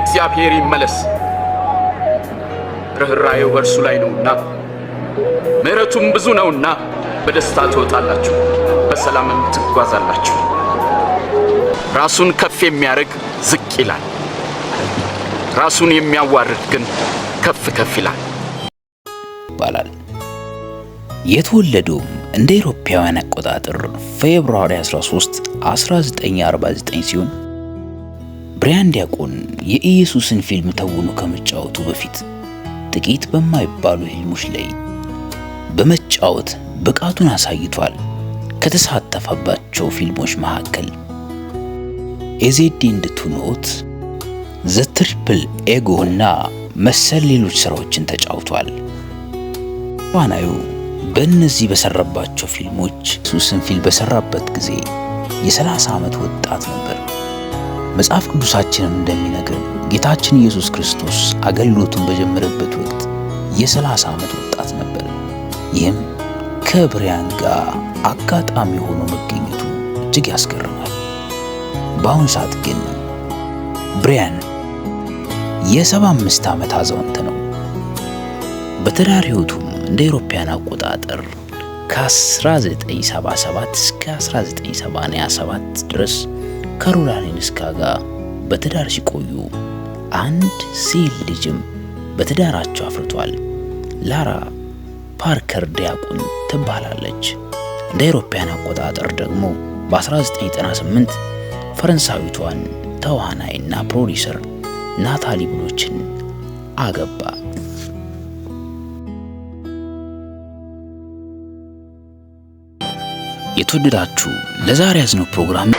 እግዚአብሔር ይመለስ። ርኅራዬው በእርሱ ላይ ነውና ምሕረቱም ብዙ ነውና በደስታ ትወጣላችሁ፣ በሰላምም ትጓዛላችሁ። ራሱን ከፍ የሚያደርግ ዝቅ ይላል፣ ራሱን የሚያዋርድ ግን ከፍ ከፍ ይላል ይባላል። የተወለደውም እንደ አውሮፓውያን አቆጣጠር ፌብርዋሪ 13 1949 ሲሆን ብሪያን ዲያቆን የኢየሱስን ፊልም ተውኖ ከመጫወቱ በፊት ጥቂት በማይባሉ ፊልሞች ላይ በመጫወት ብቃቱን አሳይቷል። ከተሳተፈባቸው ፊልሞች መካከል ኤዜዲ እንድትኖት፣ ዘ ትሪፕል ኤጎ እና መሰል ሌሎች ስራዎችን ተጫውቷል። ዋናዩ በእነዚህ በሰራባቸው ፊልሞች ኢየሱስን ፊልም በሰራበት ጊዜ የ30 ዓመት ወጣት ነበር። መጽሐፍ ቅዱሳችንም እንደሚነግርን ጌታችን ኢየሱስ ክርስቶስ አገልግሎቱን በጀመረበት ወቅት የ30 ዓመት ወጣት ነበር። ይህም ከዕብራውያን ጋር አጋጣሚ ሆኖ መገኘቱ እጅግ ያስገርማል። በአሁኑ ሰዓት ግን ብሪያን የ75 ዓመት አዛውንት ነው። በትዳር ሕይወቱም እንደ ኤሮፓያን አቆጣጠር ከ1977 እስከ 1987 ድረስ ከሮላኒንስካ ጋር በትዳር ሲቆዩ አንድ ሲል ልጅም በትዳራቸው አፍርቷል። ላራ ፓርከር ዲያቁን ትባላለች። እንደ አውሮፓውያን አቆጣጠር ደግሞ በ1998 ፈረንሳዊቷን ተዋናይና ፕሮዲሰር ናታሊ ብሎችን አገባ። የተወደዳችሁ ለዛሬ ያዝነው ፕሮግራም